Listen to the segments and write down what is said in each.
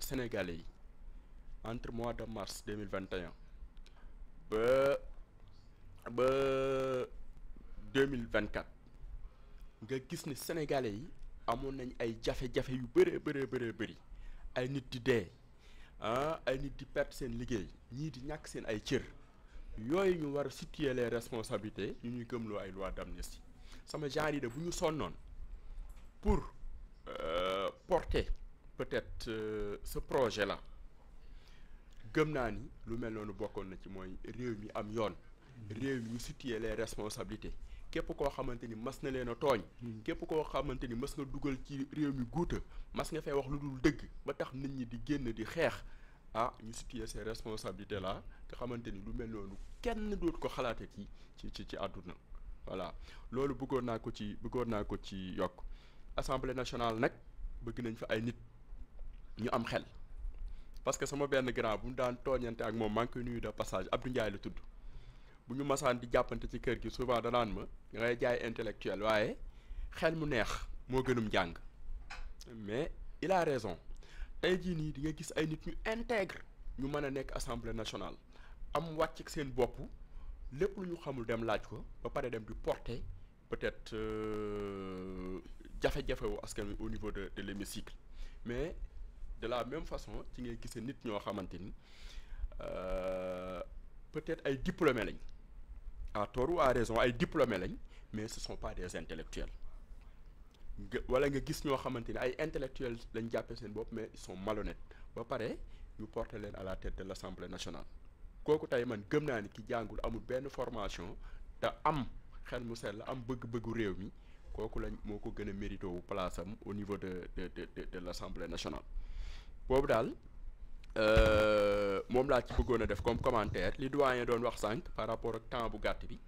sénégalais entre mois de mars 2021 et 2024, nga sénégalais ay jafé jafé yu béré béré béré béré ay nit di ah ay nit di perte sen liguey di ñak sen ay situer les responsabilités ñu ñuy ay loi d'amnistie sama genre de pour euh, porter peut-être euh, ce projet là gëm naa ni lu mel noonu bokkoon na ci mooy réew mi am yoon réew situer les responsabilités képp koo xamante ni mas na leen a tooñ hmm. képp koo xamante ni mas nga dugal ci réew mi guuta mas nga fay wax lu dul dëgg ba tax nit ñi di génn di xeex ah ñu situer ces responsabilités là nga xamante ni lu mel noonu kenn dootu ko xalaate ci ci ci ci voilà loolu bëggoon naa ko ci bëggoon ko ci yokk assemblée nationale nag bëgg nañ fa ay nit ñu am xel parce que sama benn grand bu ñu daan tooñante ak moom maa ngi nuyu de passage Abdou Ndiaye la tudd bu ñu masaan di jàppante ci kër gi souvent danaan ma ngay jaay intellectuel waaye xel mu neex moo gënum njàng mais il a raison tey jii nii di nga gis ay nit ñu intègre ñu mën a nekk assemblée nationale am wàcc seen bopp lépp lu ñu xamul dem laaj ko ba pare dem di porter peut-être euh, jafe-jafe wu askan wi au niveau de de l'hémicycle mais de la même façon ci ngay gisee nit ñoo xamanteni ni euh, peut-être ay diplômé lañ à tort ou à raison ay diplômé lañ mais ce sont pas des intellectuels wala nga gis ñoo xamanteni ni ay intellectuels lañ jappé seen bop mais ils sont malhonnêtes ba paré ñu porter leen à la tête de l'Assemblée nationale kooku tay man gëm naani ki jangul amul ben formation ta am xel mu sell am bëgg-bëggu réew mi kooku lañ moko gëna mérito place am au niveau de de de de l'Assemblée nationale boobu euh mom la ci bëggoon def comme commentaire li doyen doon wax sank par rapport ak temps bu gatt bi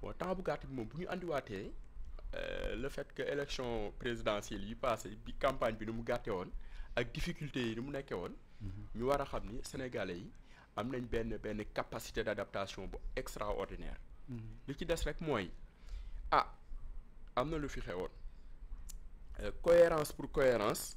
bon temps bu gatt bi moom bu ñu euh le fait que élection présidentielle yi passé bi campagne bi nu mu gatté won ak difficulté yi nu mu nekkee won mhm. ñu wara a sénégalais yi am nañ benn benn capacité d'adaptation bu extraordinaire mhm. li ci des rek moy ah am na lu fi xewoon euh, cohérence pour cohérence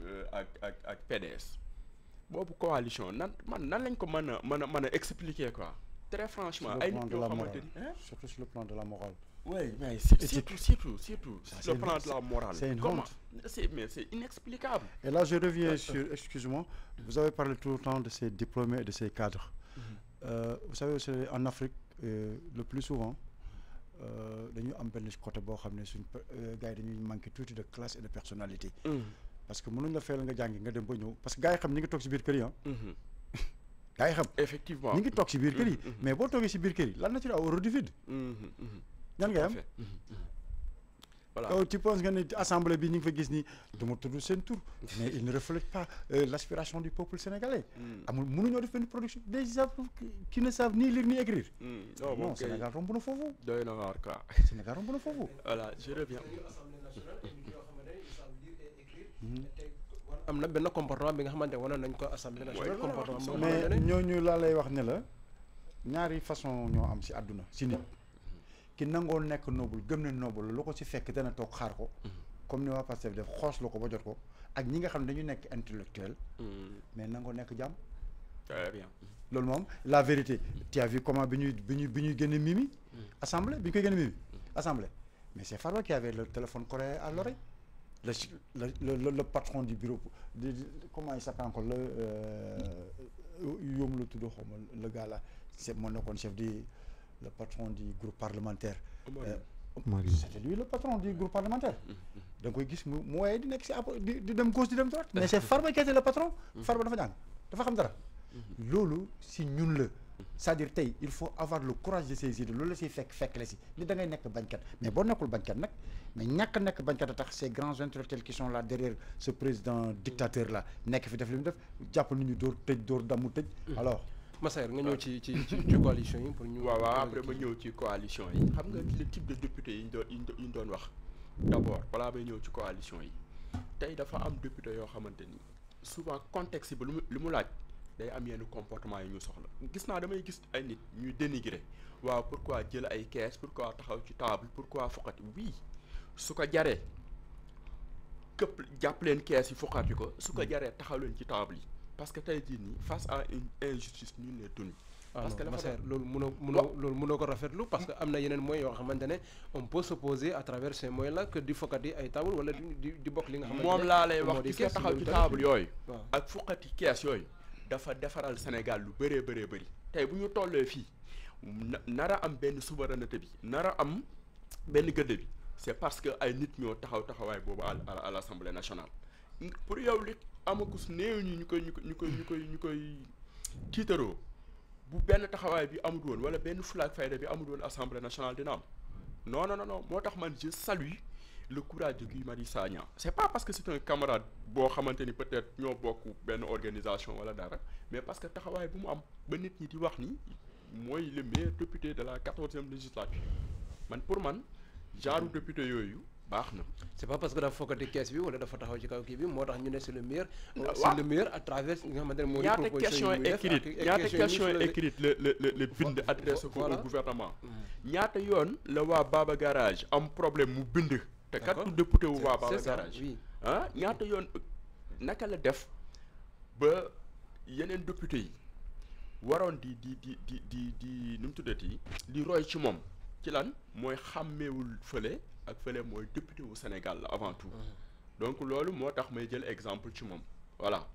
Euh, ak ak ak PDS boobu coalition nan man nan lañ ko expliquer quoi. très franchement ay nit yoo xamante ni hein? surtout sur le plan de la morale. oui mais c'est tout, c'est tout. sur le plan de la morale. c'est une honte mais c'est inexplicable. et là je reviens sur excusez moi vous avez parlé tout le temps de ces diplômés et de ces cadres. Mhm. Euh, vous savez aussi en Afrique euh, le plus souvent dañu am benn côté boo xam suñ gars yi manquer tuuti de classe et de personnalité. Mhm parce que mënuñ la fayal nga jàngi nga dem ba ñëw parce que gaay xam ñi ngi tok ci biir kër yi ah. Mhm. xam. effectivement ñi ngi tok ci biir kër yi. Mhm, mhm. mais bo toogee ci biir kër yi lan na ci aw du vide. ñan ngay am. voilà kaw tu penses que l'Assemblée assemblée bi ñu ngi fa gis ni du ma tudd seen tur. mais il ne reflète pas euh, l' aspiration du peuple sénégalais. amul mënuñoo def benn production des gens qui ne savent ni lire ni écrire. non non Sénégal romb na foofu. doy na waar quoi. Sénégal romb na foofu. voilà je reviens am na benn comportement bi nga xamanté wanoon nañ ko assemblée nationale comportement mais ñooñu laa lay wax ni la ñaari façon ñoo am ci aduna ci nit ki nango nek noble gëm ne noobul lu ko ci fekk dana tok xaar ko hmm. comme ni wa Pastef def xoss la ko ba jot ko ak ñi nga xamné dañu nek intellectuel hmm. mais nango nek jam très bien lool mom la vérité tu as vu comment biñu biñu biñu ñuy Mimi hmm. assemblée bi koy génne Mimi assemblée mais c'est Farba qui avait le téléphone coréen à l'oreille le, le, le, patron du bureau, de, comment il s'appelle encore, le, euh, le gars là, c'est mon chef, du, le patron du groupe parlementaire. Euh, c'était lui le patron du groupe parlementaire. Donc, il dit, moi, il le patron gauche, groupe droite. Mais c'est Farba qui était le patron, Farba dafa jang, dafa xam dara. Lolu si ñun le c'est-à-dire il faut avoir le courage de saisir de loolu la siy fek fekk la ci ni da ngay nek bañkat mais bo nekkul bañkat nak mais ñak nekk bañkat tax ces grands intellectuels qui sont là derrière ce président dictateur là nek fi def li mu def jàpp nañu dóor tëj dóor damu tej hmm. alors Massaer nga ñëw ci ci ci coalition yi pour ñu waaw après ba ñëw ci coalition yi xam nga le type de député yi ñu doon yi wax d'abord wala ba ñëw ci coalition yi tey dafa am député yo xamanteni souvent contexte bi lu lu mu laaj day am yenn comportement yi ñu soxla gis naa damay gis ay nit ñuy dénigrer waaw pourquoi jël ay caisse pourquoi taxaw ci table pourquoi foqati wii su ko jaree këpp jàpp leen kees yi foqati ko su ko hmm. jaree taxaw leen ci table yi parce que tey jii nii face à une injustice ñu ne tunu ah parce que loolu mëno mëno loolu mëno ko rafetlu parce que hmm. am na yeneen moyens yoo xamante ne on peut s'opposer à travers ces moyens là que di yi ay table wala di di bokk li nga xamante ne moom laa lay wax ci taxaw ci table yooyu ak yi caisse yooyu dafa defaral Sénégal lu bëree bëree bëri tey bu ñu tollee fii nara am benn souveraineté bi nar a am benn gëdd bi c'est parce que ay nit ñoo taxaw taxawaay boobu à à l'Assemblée nationale. pour yow li amagus néew ñi ñu koy ñu koy ñu ñu koy tiitaroo bu benn taxawaay bi amul woon wala benn flag fayda bi amul woon Assemblée nationale dina am non non non moo tax man je salue. le courage de Guy Sagna c'est pas parce que c'est un camarade qui peut-être ñoo beaucoup organisation mais parce que bu mu am ba meilleur député de la 14e législature man pour man un député c'est pas parce que ou le meilleur. Euh, le à travers Il y a des questions écrites. Il y a des questions adresse gouvernement. Mm. Garage un problème te ou député wu waa Baba Garage ah ñaata yoon naka la def ba un député waron di di di di di di nous tout tuddati di roi ci moom ci moi jamais xàmmeewul fële ak fële mooy député au Sénégal avant tout hum. donc loolu moo tax may jël exemple ci moom voilà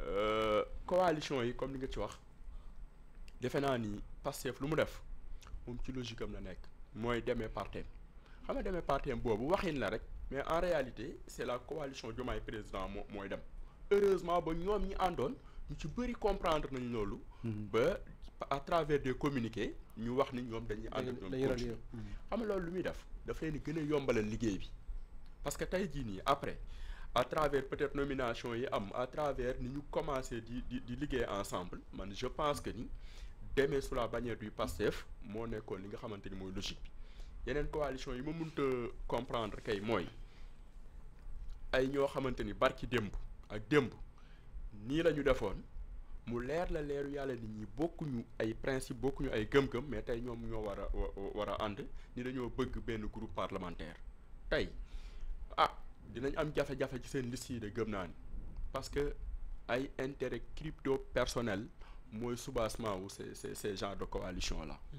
euh, coalition yi comme ni nga ci wax defe naa Pastef lu def moom ci logique am la nekk mooy demee parteem xam nga demee parti am boobu waxin la rek mais en réalité c'est la coalition Diomaye président moo mooy dem heureusement ba ñoom ñi àndoon ñu ci bëri comprendre nañ loolu mm-hmm. ba à travers des communiqués ñu wax ni ñoom dañuy ànd ak ñoom mm-hmm. xam nga loolu lu muy def daf leen di gën a yombalal liggéey bi parce que tey jii nii après à travers peut-être nomination yi am à travers ni ñu commencé di di liggéey ensemble man je pense que ni demee sous la bannière du PASTEF moo nekkoon li nga xamante ni mooy logique bi yeneen coalition yi ma mënta comprendre kay mooy ay ñoo xamante ni barki démb ak démb nii la ñu defoon mu leer la leeru yàlla nit ñi bokkuñu ay principe bokkuñu ay gëm-gëm mais tey ñoom ñoo war a war a ànd ni dañoo bëgg benn groupe parlementaire tey ah dinañ am jafe-jafe ci seen liste yi de gëm naa ni parce que ay intérêt crypto personnel mooy soubassement wu ces ces ces genre de coalition là. Mm.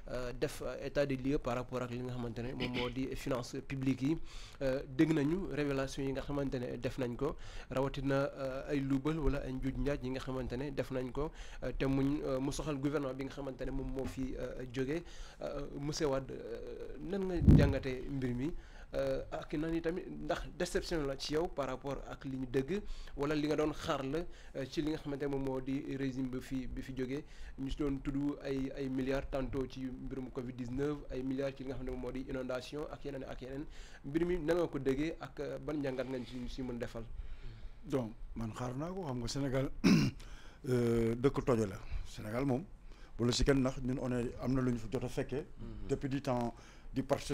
Euh, def euh, état des lieux par rapport ak li nga xamante ne moom moo di finance publique yi euh, dégg nañu révélation yi nga xamante ne def nañ ko rawatina ay luubal wala ay njuuj njaaj yi nga xamante ne def nañ ko te muñ mu soxal gouvernement bi nga xamante ne moom moo fi jóge monsieur Wade nan nga jàngatee mbir mi Euh, ak na ni tamit ndax déception la ci yow par rapport ak li ñu dëgg wala li nga doon xaar la euh, ci li nga xamante moom moo di régime bi fi bi fi jógee ñu si doon tudd ay ay milliards tantôt ci mbirum Covid 19 ay milliards ci li nga xam ne moom moo di inondation ak yeneen ak yeneen mbir mi nan nga ko déggee ak euh, ban njàngat nga ci si mën defal. donc man xaar naa ko xam nga Sénégal dëkk tojo la Sénégal moom wala si kenn ndax ñun on am na lu ñu fa jot a fekkee. Mm-hmm. depuis du temps du parti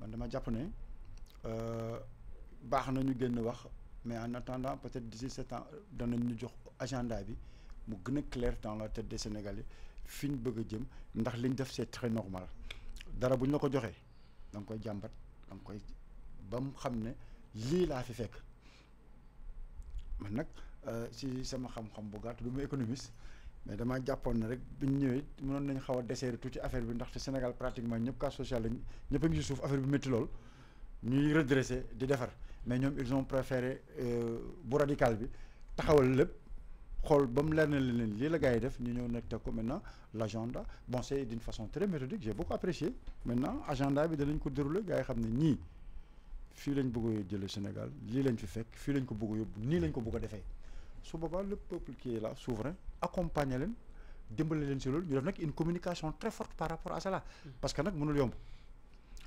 man dama jàpp ne euh, baax na ñu wax mais en attendant peut-être d'ici sept ans danañ ñu jox agenda bi mu gëna clair dans la tête des Sénégalais fi bëgg jëm ndax liñ def c'est très normal dara bu la ko joxee da koy jambat dang koy bam xamné li la fi fekk man euh ci sama xam-xam bu gàtt du ma économiste mais dama jàppoon rek bu ñëwé mënon nañ xawa déssé tout ci affaire bi ndax ndaxte Sénégal pratiquement ñëpp cas social lañ ñëpp ngi ci suuf affaire bi metti lool ñuy redresser di defar mais ñom ils ont préféré euh bu radical bi taxawal lepp xol bam mu leer na leen lii la gars def ñu ñëw nak teg ko maintenant l'agenda bon c'est d'une façon très méthodique j'ai beaucoup apprécié maintenant agenda bi danañ ko dérouler gaay yi xam fi lañ bëgg a jëlee Sénégal li lañ fi fekk fi lañ ko bëgg a yóbbu lañ ko bëgg défé su boobaa le peuple qui est là souverain accompagner leen dimbale leen si loolu ñu def nag une communication très forte par rapport à cela mm. parce que nag mënul yomb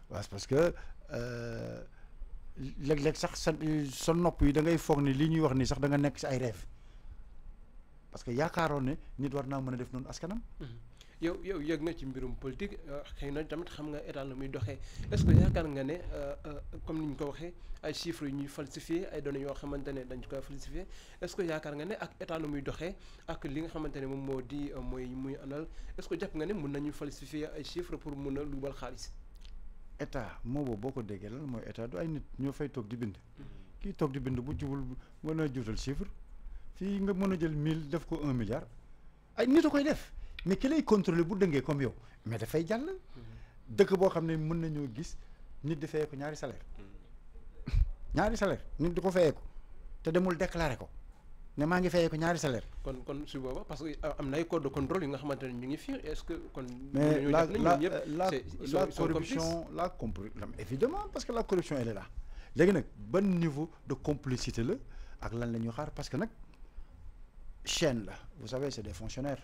waaw parce que euh, léeg-léeg sax sa sa nopp yi da ngay foog ni lii ñuy wax nii sax da nga nekk si ay rêve parce que yaakaaroon ne nit war naa mën a def noonu askanam mm-hmm. yow yow yëg na ci mbirum politique euh, xëy na tamit xam nga état la muy doxee est-ce que yaakaar nga ne euh, euh, comme ni ñu ko waxee ay chiffres yu ñuy falsifié ay données yoo xamante ne dañ koy falsifié est-ce que yaakaar nga ne ak état la muy doxee ak li nga xamante ne moom moo di mooy muy anal est-ce que jàpp nga ne mun nañu falsifié ay chiffres pour mun a luubal xaalis. état moo boobu boo ko déggee lan mooy état du ay nit ñoo fay toog di bind. kii toog di bind bu jubul mën a juutal chiffre fii nga mën a jël mille def ko un milliard ay nit a koy def. mais ki lay contrôler pour dengue comme yo mais dafay jàll dëkk boo xam ne mën nañoo gis nit di fayee ko ñaari salaire mm. ñaari salaire nit di ko fayee ko te demul déclarer ko ne maa ngi fayee ko ñaari salaire. kon kon su booba parce que euh, am na ay corps de contrôle yu nga xamante ne ñu ngi fii est-ce que kon. mais la la la la corruption la compli évidemment parce que la corruption elle est là léegi nag ban niveau de complicité la ak lan la ñuy xaar parce que nag chaîne la vous savez c'est des fonctionnaires.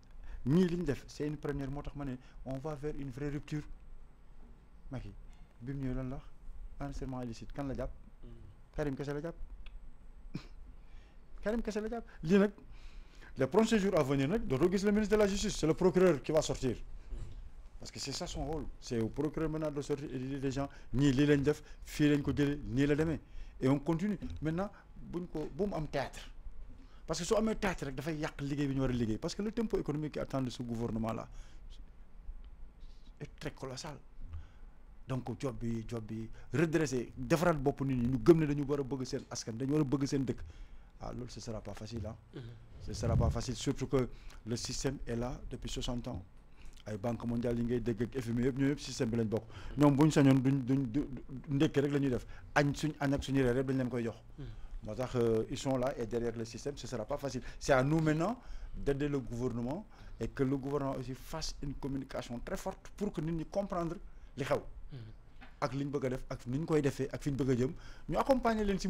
ni liñ def c'est une première motax mané on va faire une vraie rupture Macky bi mu lan la wax enregistrement illicite kan la japp Karim mm. le la Quand Karim Kese la japp li nak les prochains jours à venir nak do gis le ministre de la justice c'est le procureur qui va sortir mm. parce que c'est ça son rôle c'est au procureur maintenant de sortir et les gens ni li lañ def fi lañ ko jëlee ni la démé et on continue maintenant buñ ko bu mu am théâtre parce que su amee tàcc rek da fay yak liguey bi ñu wara liguey parce que le tempo économique qui attend de ce gouvernement là est très colossal donc job bi job bi redresser defaraat bop nit ñi ñu gëm né dañu wara bëgg seen askan dañu wara bëgg seen dëkk ah loolu ce sera pas facile ah. ce sera pas facile surtout que le système est là depuis 60 ans ay banque mondiale yi ngay dégg ak FMI yëpp ñëpp système bi lañ bokk mm-hmm. ñom buñ sañon duñ duñ du rek lañuy def añ suñ añ ak suñu reer yëpp dañ leen koy jox. Mm-hmm. Euh, ils sont là et derrière le système, ce ne sera pas facile. C'est à nous maintenant d'aider le gouvernement et que le gouvernement aussi fasse une communication très forte pour que nous comprenions les choses. Avec ce qu'on veut faire, avec ce qu'on veut faire, avec ce nous accompagner les gens.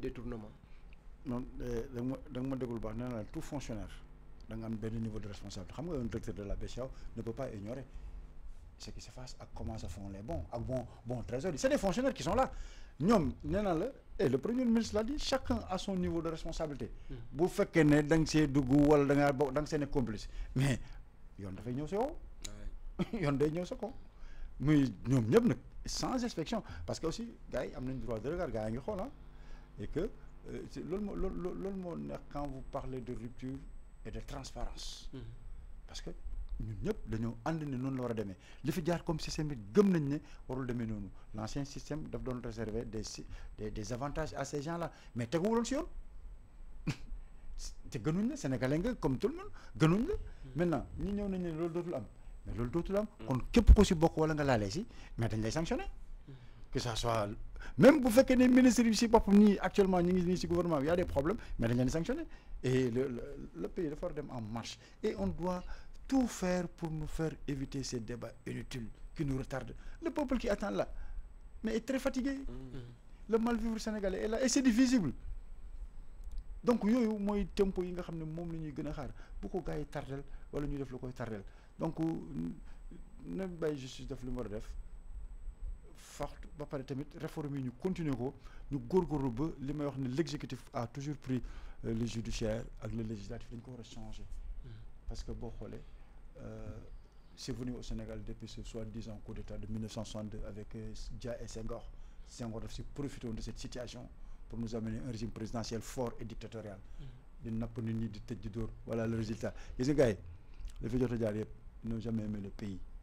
détournement. non euh, da nga ma da tout fonctionnaire niveau de responsabilité xam directeur de la BCAO ne peut pas ignorer ce qui se passe ak comment se font les bons ak bon bon trésorier c'est des fonctionnaires qui sont là et le premier ministre l'a dit chacun a son niveau de responsabilité. Hmm. bu fekkee que da nga see wala complice mais yoon dafay fait sa yow. yoon day sans inspection parce que aussi gars yi am nañ droit de regard gars et que euh, loolu quand vous parlez de rupture et de transparence mm-hmm. parce que ñun ñëpp dañoo ànd ne noonu la war a demee li fi jaar comme système gëm nañ né warul demee noonu l'ancien système daf doon réserver des des des avantages à ces gens là mais teguwuloon si yoon te gënuñ la sénégalais nga comme tout le monde gënuñ mm-hmm. maintenant ñi ñëw nañ ne loolu dootul am mais loolu dootul am mm-hmm. kon képp ko ci bokk wala nga laalee si mais dañ lay sanctionner que ça soit même pour ministres ne ministres ici pas pour actuellement ni gouvernement il y a des problèmes mais rien n'est sanctionné. et le pays est fort en marche et on doit tout faire pour nous faire éviter ces débats inutiles qui nous retardent le peuple qui attend là mais est très fatigué mm. le mal-vivre sénégalais est là et c'est divisible donc y a tempo yi nga xam ne xaar bu ko gars yi tardel wala ñu def lu koy tardel donc euh, na bàyyi justice lu forte ba pare tamit réforme ñu continuer ko a toujours pris euh, le judiciaire ak le législatif dañ ko wara changer mm-hmm. parce que bo xolé euh c'est venu au Sénégal depuis ce soi-disant coup d'état de 1962 avec euh, Dia et Senghor Senghor aussi si profité de cette situation pour nous amener un régime présidentiel fort et dictatorial mm-hmm. Il napp nit ñi di tête di dóor voilà le résultat Les nga gars yi n'ont jamais aimé le pays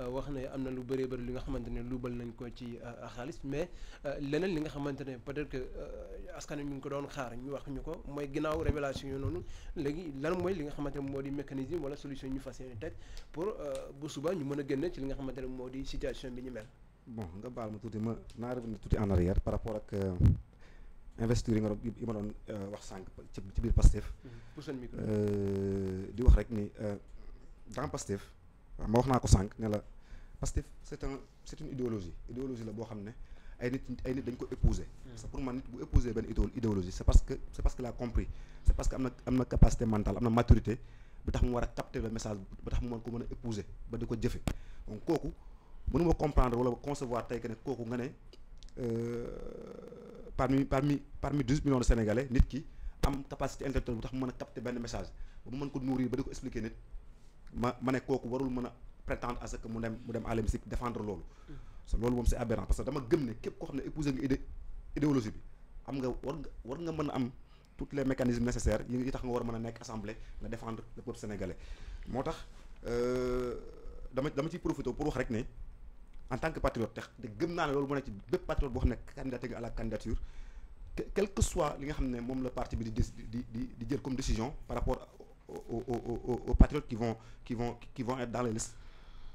Euh, wax ne am na lu bëree bëri li nga xamante ne lu bal nañ ko ci euh, xaalis mais euh, leneen li nga xamante ne peut-être que askan ñu ngi ko doon xaar ñu wax ñu ko mooy ginnaaw révélation yi noonu léegi lan mooy li nga xamante ne moo di mécanisme wala solution ñu fas yéene teg pour bu suba ñu mën a génn ci li nga xamante ne moo di situation bi ñu mel. bon nga baal ma tuuti ma naa revenir tuuti en arrière par rapport ak investiture yi nga doon yi ma wax sànq ci biir Pastef. Mm-hmm. di wax rek ni dans Pastef. waaw ma wax naa ko sànq ne la Pastef c'est un c'est une idéologie idéologie la boo xam ne ay nit ay nit dañ ko épouser parce hmm. que pour man nit bu épouser benn idéologie c'est parce que c'est parce que l'a compris c'est parce que am na am na capacité mentale am na maturité bi tax mu war a capter le message ba tax mu mën ko mën a épouser ba di ko jëfe donc kooku mënu comprendre wala concevoir tey que ne kooku nga ne euh, parmi parmi parmi 12 millions de sénégalais nit ki am capacité intellectuelle bu tax mu mën a capter benn message ba mu mën ko nourrir ba di ko expliquer nit ma ma ne warul mëna prétendre à ce que mu dem mu dem à l'hémicycle défendre lolu c'est mm. lolu mom c'est aberrant parce que dama gëm né képp ko xamné épouser nga idéologie bi am nga war nga war nga mën am toutes les mécanismes nécessaires yi tax nga war mëna nek assemblée nga défendre le peuple sénégalais. motax euh dama dama ci profiter pour wax rek né en tant que patriote de gëm na lolu loolu moo ci bépp patriote boo xam candidat à la candidature. quel que soit li nga xamné mom le parti bi di di di di jël comme décision par rapport à aux, aux, aux, patriotes qui vont, qui, vont, qui vont être dans les listes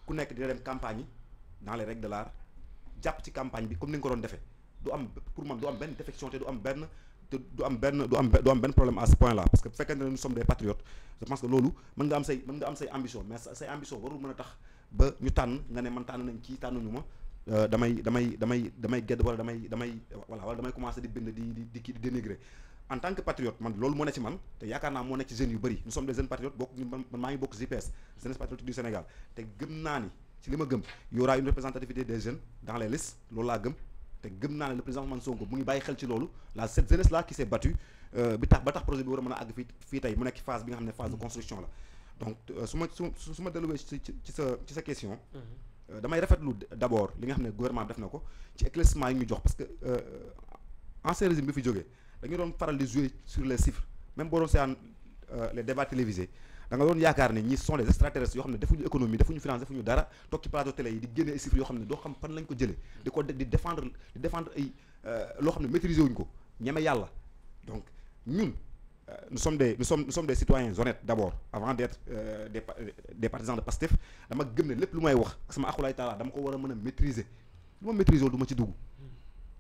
ku nekk dina dem campagne dans les règles de l'art jàpp ci campagne bi comme ni nga ko doon defee du am pour man du am benn défection te du am benn te du am benn du am du am benn problème à ce point là parce que bu fekkee ne nous sommes des patriotes je pense que loolu mën nga am say mën nga am say ambition mais say ambition warul mën a tax ba ñu tànn nga ne man tànn nañ kii tànnuñu ma euh, damay damay damay damay gedd wala damay damay voilà wala damay commencer di bind di di dénigrer en tant que patriote man loolu moo ne ci man te yaakaar naa moo ne ci jeunes yu bari. nous sommes des jeunes patriotes bokk man maa ngi jeunes, JPS jeunesse du Sénégal te gëm nani, ni ci li gëm y aura une représentativité des jeunes dans les listes loolu la gëm te gëm nani le président Ousmane Sonko mu ngi bàyyi xel ci loolu la cette jeunesse là qui s'est battue euh, bi tax ba tax projet bi war a ag a àgg fii fii tey mu nekk phase bi nga phase de construction là, donc euh, su ma su su ci ci sa ci sa question mhm. euh, damay rafetlu d'abord li nga xam gouvernement def nako, ci éclaircissement yi ñu jox parce que ancien régime bi fi jógee dañu doon faral di jouer sur les chiffres même boo doon seetaan euh, les débats télévisés da nga doon yaakaar ne sont les extraterrestres yoo xam ne defuñu économie defuñu finance defuñu dara toog ci plateau télé yi di génne ay chiffres yoo xam ne doo xam fan lañ ko jëlee di ko di défendre di défendre ay euh, loo xam ne maîtriser wuñ ko ñeme yàlla donc ñun euh, nous sommes des nous sommes nous sommes des citoyens honnêtes d'abord avant d'être euh, des des partisans de Pastef dama gëm ne lépp lu may wax sama akulaay taala dama ko war a mën a maîtriser lu ma maîtriser du ma ci dugg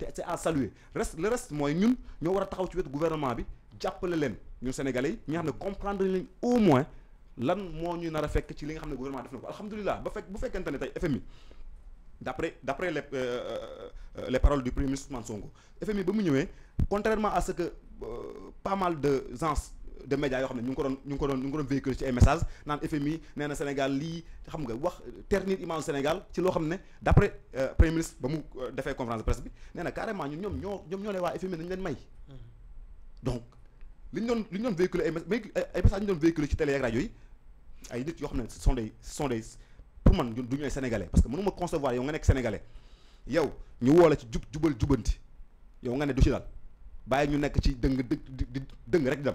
c'est à saluer reste le reste moi nous nous avons gouvernement nous sénégalais nous ñi au moins ce nous ñu fait fekk gouvernement FMI d'après euh, euh, les paroles du premier ministre Mansongo, FMI contrairement à ce que euh, pas mal de gens de médias yoo xam ne ñu ngi ko doon ñu ngi ko doon ñu ngi ko doon véhiculer ci ay messages naan FMI nee na Sénégal lii xam nga wax ternir image Sénégal ci loo xam ne d'après euh, premier ministre ba mu euh, defee conférence de presse bi nee na carrément ñun ñoom ñoo ñoom ñoo lay waa FMI dañu leen may mm-hmm. donc li ñu doon li ñu doon véhiculer ay ay message ñu doon véhiculer ci télé ak rajo yi ay nit yoo xam ne ce sont des sont des pour man du ñu ay sénégalais parce que mënu ma concevoir yow nga nekk sénégalais yow ñu woo la ci jub jubal jubanti yow nga ne du ci dal bàyyi ñu nekk ci dëng dëng rek dem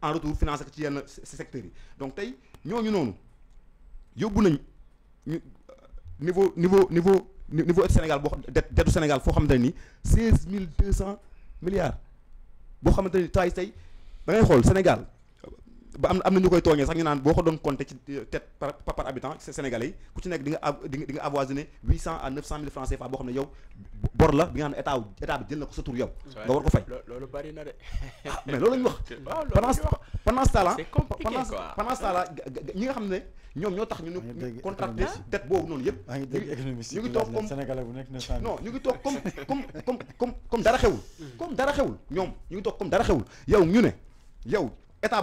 en retour financier donc nous, nous, euh, niveau niveau niveau niveau Sénégal nous xam Sénégal 16 200 milliards Si nous ni tay Sénégal am sax tête par par sénégalais ku ci di di nga à 900 francs CFA bo xamné yow bor la bi nga état état bi jël na sa tour yow nga war ko fay bari na ah, mais wax pendant pendant ce là pendant ce là nga xamné ñom ñoo tax ñu contracté dette ñu ngi tok comme non ñu ngi tok comme comme comme comme dara xewul comme dara xewul ñom ñu ngi tok comme dara xewul yow ñu né yow état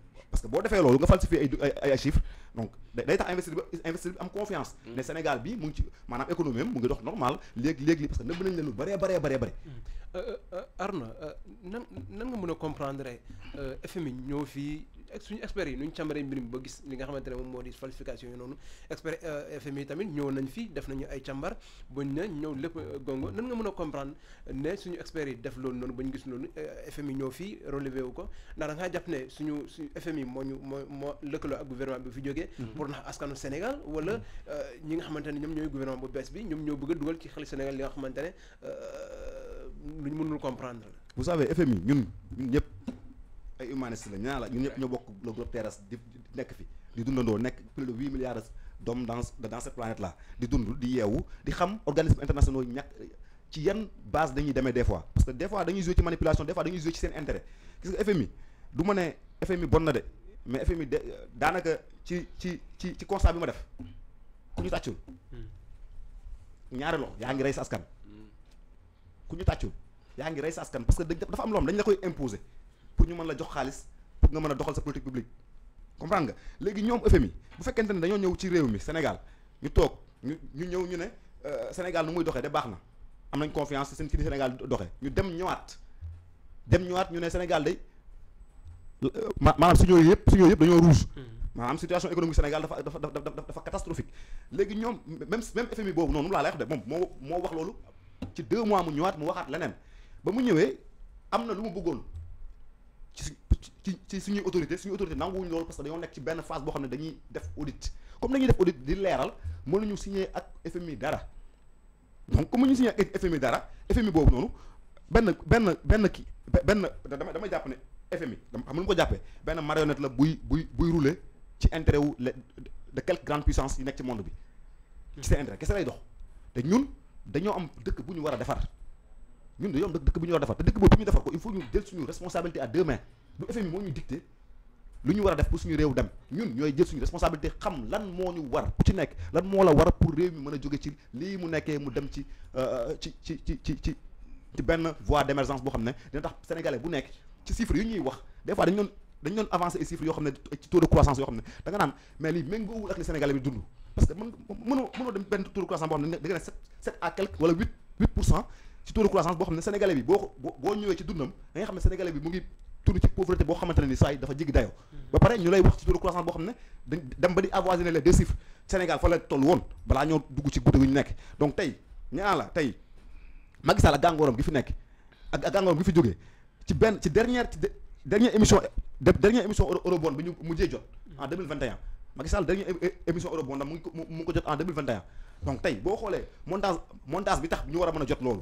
parce que bo defee loolu nga falsifier ay ay ay chiffres donc day tax investisseur bi am confiance. ne mm. Sénégal bi mu ngi ci économie mu ngi dox normal lég lég li parce que nëbb nañ leen lu bari bari mm. euh euh, euh Arna euh, nan nan nga mën comprendre euh FMI ñoo fii. suñu experts yi nu ñu càmbaree mbir mi ba gis li nga xamante ne moom moo di falsification yi noonu expert euh, FMI tamit ñëw nañ fii def nañu ay càmbar bañ na ñëw lépp euh, gongo nan nga mën a comprendre ne suñu experts def loolu noonu ba ñu gis loolu euh, FMI ñëw fii relevé wu ko ndax da ngaa jàpp ne suñu suñu FMI moo ñu moo moo lëkkaloo ak gouvernement bi fi jógee mhm. pour nax askanu Sénégal wala mhm. ñi nga xamante ne ñoom ñooy gouvernement bu bees bi ñoom ñoo bëgg a dugal ci xel Sénégal li nga xamante ne lu ñu mënul comprendre bu savez FMI ñun ñun ay humaniste ah, la ñu ñun ñep ñoo bokk le globe terrestre di nek fi di dundando nek plus de 8 milliards d'hommes dans dans cette planète là di dund di yewu di xam organismes internationaux ñak ci yan base dañuy démé des fois parce que des fois dañuy jouer ci manipulation des fois dañuy jouer ci sen intérêt gis nga FMI du ma FMI bon na de mais FMI danaka ci ci ci ci constat bi ma def ku ñu tàccul hmm. ñaari loxo yaa ngi rey askan hmm. ku ñu tàccul yaa ngi rey askan parce que dafa am loo dañ la koy imposer pour ñu mëna la jox xaalis pour nga mën doxal sa politique publique comprendre nga légui ñom FMI bu fekkente ne dañoo ñëw ci réew mi Sénégal ñu tok ñu ñew ñu né euh, Sénégal nu muy doxé dé baxna am nañ confiance ci seen ci Sénégal doxé ñu dem ñëwaat dem ñëwaat ñu né Sénégal day euh, manam suñu yooyu suñu yooyu dañu dañoo rouge mm-hmm. maanaam situation économique Sénégal dafa dafa dafa dafa catastrophique légui ñom même même FMI bobu nonu la lay wax de moom moo wax lolu ci deux mois mu ñëwaat mu waxat leneen ba mu ñëwé amna na lu mu bëggoon ci ci suñuy autorité suñuy autorité nanguwuñ lool parce que dañu nek ci ben phase bo xamné dañuy def audit comme dañuy def audit di léral mënuñu signer ak FMI dara donc comme ñu signer ak FMI dara FMI bobu noonu ben ben ben ki ben dama dama jàpp ne FMI dama xam lu ko jappé ben marionnette la buy buy buy rouler ci intérêt de quelques grandes puissances yi nek ci monde bi ci seen intérêt kese lay dox té ñun dañoo am dëkk bu ñu war a ñun dañoo am dëkk bu ñu war a defar te dëkk boobu bu ñu defar ko il faut ñu jël suñu responsabilité à deux mains du FMI dicté lu ñu pour suñu dem ñun responsabilité xam lan ce ñu war pour mi ci voie d'émergence Les Sénégalais, dina tax sénégalais bu chiffres des fois dañu chiffres taux de croissance Mais ce da nga mais sénégalais parce que taux de croissance à quelque wala 8% taux de croissance Les sénégalais bi ci dundam tourné ci pauvreté boo xamante ne ni saa dafa jéggi dayoo ba pare ñu lay wax ci taux de croissance boo xam ne dañ dem ba di avoisiner les deux chiffres Sénégal fa la toll woon balaa ñoo dugg ci guddi gi ñu nekk donc tey ñaa la tey Macky Sall ak gàngooram gi fi nekk ak ak gàngooram gi fi jógee ci benn ci dernière ci dernière émission dernière émission eurobond bi ñu mujjee jot en 2021 Macky Sall dernière émission eurobond mu ngi ko mu ngi ko jot en 2021 donc tey boo xoolee montage montage bi tax ñu war a mën a jot loolu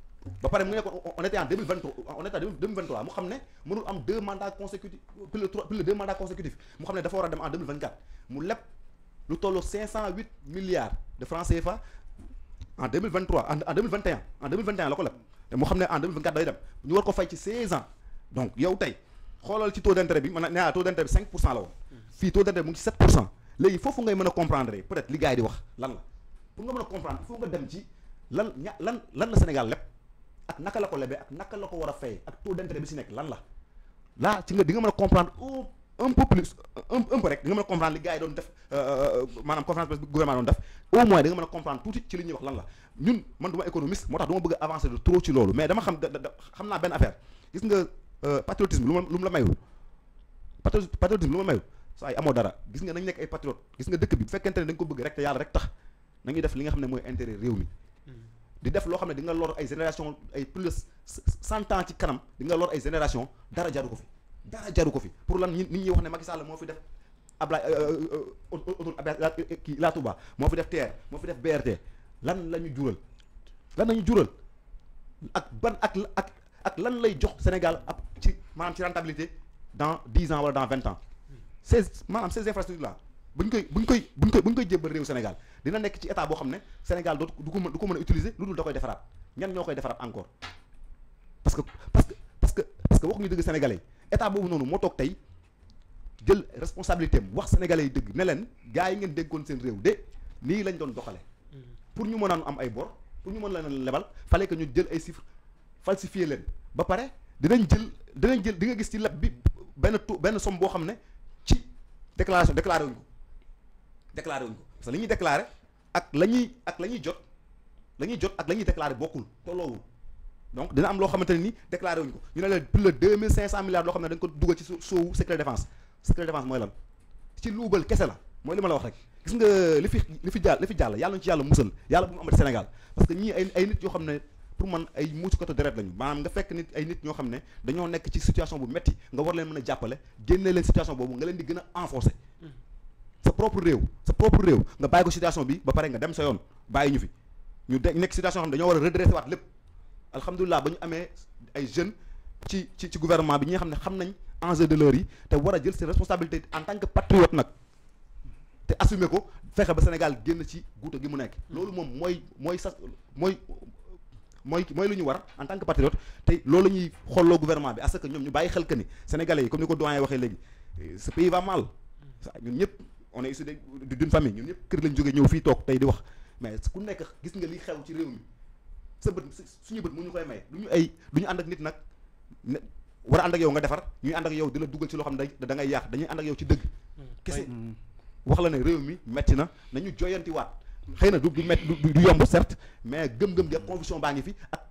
ba pare mu on était en 2023 on était en 2023 mu xam ne mënul am deux mandats consécutifs plus le le deux mandats consécutifs mu xam ne dafa dem en 2024 mu leb lu 508 milliards de francs CFA en 2023 en en 2021 en 2021 la ko mu en 2024 day dem ñu war ko fay ci 16 ans donc yow y a ci taux d'intérêt bi man nee naa taux d'intérêt bi 5 pour cent la woon. Mm-hmm. fii taux d'intérêt mu ci 7 pour cent léegi foofu ngay mën compreniez comprendre peut-être li gars yi di wax lan la pour nga mën comprendre il faut nga dem ci lan lan lan Sénégal lépp. ak naka la ko lebee ak naka la ko war a fay ak taux d'intérêt bi si nekk lan la là ci nga di mën a comprendre un peu plus un peu rek di mën a comprendre li gars yi doon def euh, euh, maanaam conférence presse gouvernement doon def au moins di nga mën a comprendre tuuti ci li ñuy wax lan la ñun man du ma économiste moo tax du ma bëgg a avancer de trop ci loolu mais dama xam da xam naa benn affaire gis nga euh, patriotisme lu ma lu mu la mayul patriotisme lu ma mayul saa amoo dara gis nga nañ nekk ay patriote gis nga dëkk bi bu fekkente ne dañ ko bëgg rek te yàlla rek tax li nga xam ne mooy intérêt réew mi di def lo xamné di génération plus ans ci kanam di nga génération dara fi pour lan nit ñi wax Macky Sall fi def euh, euh, euh, Touba fi def fi def lan la lan Sénégal ci rentabilité dans 10 ans wala dans 20 ans ces infrastructures là buñ koy buñ koy buñ koy buñ koy jébbal réew Sénégal dina nekk ci état boo xam ne Sénégal dootu du ko mën du ko mën a utiliser lu dul da koy defaraat ñan ñoo koy defaraat encore parce que parce que parce que parce que wax nga dëgg sénégalais état boobu noonu moo toog tey jël responsabilité am wax sénégalais yi dëgg ne leen gars yi ngeen déggoon seen réew de nii lañ doon doxale mm-hmm. pour ñu mën a am ay bor pour ñu mën la leen lebal fallait que ñu jël ay chiffres falsifier leen ba pare dinañ jël dinañ jël di nga gis ci leb bi benn tu benn somme boo xam ne ci déclaration déclaré wuñ déclaré wuñ ko parce que li ñuy déclaré ak la ñuy ak la ñuy jot la ñuy jot ak la ñuy déclaré bokkul tolloowul donc dina am loo xamante ni déclaré wuñ ko ñu ne la plus de deux mille cinq cent milliards loo xam ne dañ ko dugal ci soowu secret défense secret défense mooy lan ci luubal kese la mooy li ma la wax rek gis nga li fi li fi jàll li fi jàll yàlla ñu ci yàlla musal yàlla bu mu amati Sénégal parce que ñii ay ay nit yoo xam ne pour man ay muucukatu deret lañu maanaam nga fekk nit ay nit ñoo xam ne dañoo nekk ci situation bu metti nga war leen a jàppale génne leen situation boobu nga leen di gën a enforcer sa propre réew sa propre réew nga bàyyi ko situation bi ba pare nga dem sa yoon bàyyi ñu fi ñu nek situation xam dañoo war redresser waat lepp alhamdulilah bañu amé ay jeunes ci ci ci gouvernement bi ñi nga xam nañ enjeu de l'heure yi té wara jël ses responsabilités en tant que patriote nak té assumer ko fexé ba Sénégal génn ci guuta gi mu nekk. lolu mom moy moy sa moy moy mooy lu ñu war en tant que patriote te lolu la ñuy xolloo gouvernement bi à ce que ñoom ñu bàyyi xel que ni sénégalais yi comme ni ko doyen waxé légui eh, ce pays va mal ñun ñëpp. on est issu d'une famille ñun ñëpp kër lañ jógee ñëw fii toog tey di wax mais ku nekk gis nga li xew ci réew mi sa bët suñu bët mu ñu koy may du ñu ay du ànd ak nit nag war a ànd ak yow nga defar ñuy ànd ak yow di la duggal ci loo xam ne da ngay yaax dañuy ànd ak yow ci dëgg hmm. kese hmm. wax la ne réew mi metti na nañu joyanti waat xëy na du du metti du yomb certes mais gëm-gëm bi ak conviction baa ngi fi ak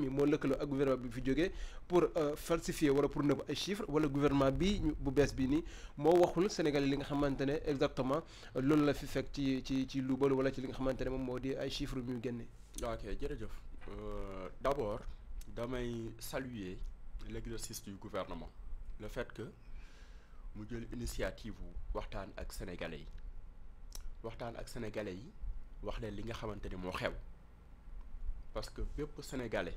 mi mo lëkkaloo ak gouvernement bi fi jógee pour euh, falsifier wala pour neub ay chiffres wala gouvernement bi bu bees bi ni mo waxul sénégalais li nga xamante exactement loolu la fi fek ci ci ci luubal wala ci li nga xamante mom modi ay chiffres yu ñu génne. ok euh d'abord damay saluer l'exercice du gouvernement le fait que mu jël initiative waxtaan ak sénégalais yi waxtaan ak sénégalais yi wax leen li nga xamante mo xew parce que bépp sénégalais.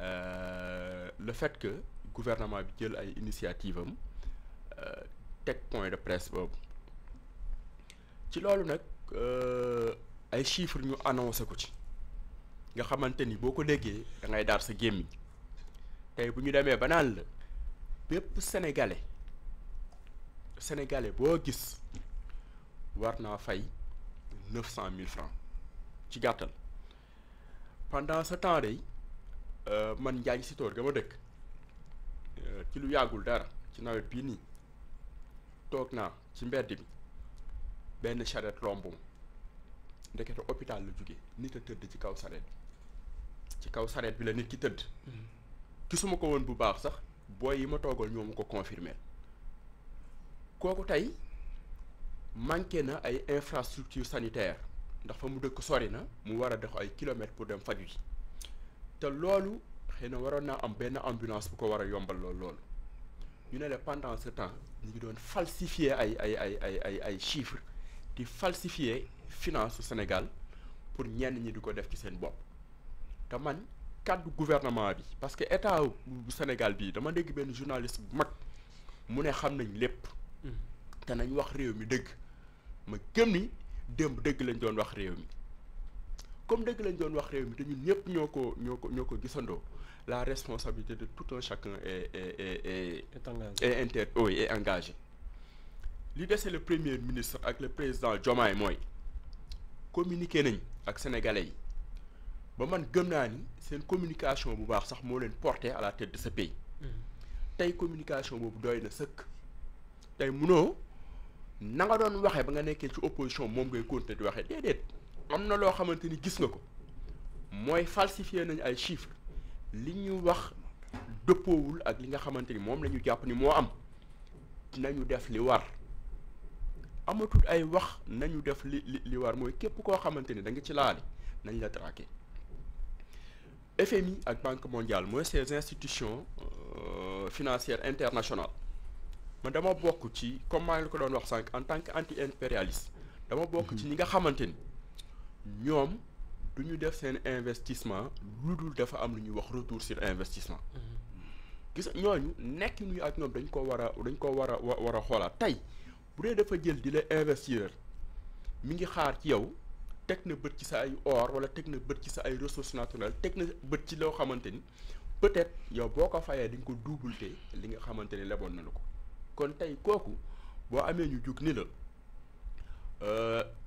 Euh, le fait que gouvernement bi jël ay initiative euh, tech point de presse Bob. ci nak euh ay chiffres ñu annoncé ko ci nga xamanteni ni déggé da ngay dar sa gemmi tay buñu démé banal ba naan sénégalais sénégalais bo gis war naa fay 900000 mille francs ci gattal pendant ce temps là Euh, man Njaañ Sitor ga ma dëkk euh, ci lu yàggul dara ci nawet bii nii toog naa ci mbedd bi benn charrette romb ma ndekete hôpital la jóge nit a tëdd ci kaw charrette ci kaw charrette bi la nit ki tëdd mm-hmm. gisuma ko woon bu baax sax booy yi ma toogal ñoo ma ko confirmer kooku tey manqué na ay infrastructure sanitaire ndax fa mu dëkk sori na mu war a dox ay kilomètres pour dem faju ji te loolu xëy na waroon naa am benn ambulance bu ko war a yombal lool loolu ñu ne la pendant temps ñu ngi doon falsifier ay ay ay ay ay ay chiffres di falsifier finance su Sénégal pour ñenn ñi di ko def ci seen bopp te man kàddu gouvernement bi parce que état bu Sénégal bii dama dégg benn journaliste bu mag mu ne xam nañ lépp mm. te nañ wax réew mi dëgg ma gëm ni démb dëgg lañ doon wax réew mi comme dëgg lañ doon wax réew mi te ñun ñëpp ñoo ko ñoo ko ñoo ko la responsabilité de tout un chacun est est est inter oui est engagé li dese le premier ministre ak le président Diomaye mooy Communiquer nañ ak sénégalais ba man gëm naa ni communication bu baax sax moo leen porté à la tête de ce pays mm. tey communication boobu doy na sëkk tey munoo na nga doon waxee ba nga nekkee ci opposition moom ngay continuer di waxee déedéet amna lo xamanteni gis nga ko moy falsifier nañ ay chiffres li ñu wax dëppoowul ak li nga xamanteni mom lañu japp ni mo am nañu def li war amatul ay wax nañu def li li war moy kep ko xamanteni da nga ci laali nañ la traquer FMI ak Banque mondiale moy ces institutions euh, financières internationales man dama bokku ci comme ma ngi ko doon wax sank en tant que anti impérialiste dama bokku ci mhm. ñi nga xamanteni ñoom du ñu def seen investissement lu dul dafa am lu ñuy wax retour sur investissement. gis ñooñu nekk ñu ak ñoom dañ ko war a dañ ko war a war a xoolaat tey bu dee dafa jël di la investir mi ngi xaar ci yow teg na bët ci sa ay or wala teg na bët ci sa ay ressources naturelles teg na bët ci loo xamante ni peut-être yow boo ko fayee di nga ko duubalte li nga xamante ni leboon na la ko kon tey kooku boo amee ñu jug ni la. Euh,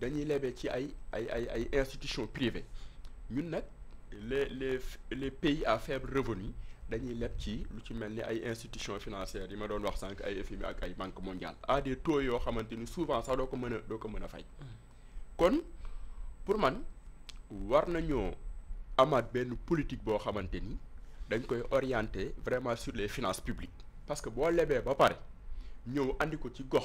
dañuy lebee ci ay ay ay ay institutions privées ñun nak les les les pays à faible revenu dañuy leb ci lu ci melni ay institutions financières yi ma doon wax sank ay FMI ak ay banque mondiale a des taux yo xamante souvent sax do ko mëna do ko mëna fay kon pour man war nañu amaat benn politique bo xamante dañ koy orienter vraiment sur les finances publiques parce que bo lebee ba paré ñeu andi ko ci gox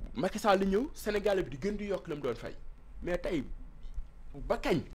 Macky Sall ñëw Sénégal bi di gën di yokk la mu doon fay mais tey ba kañ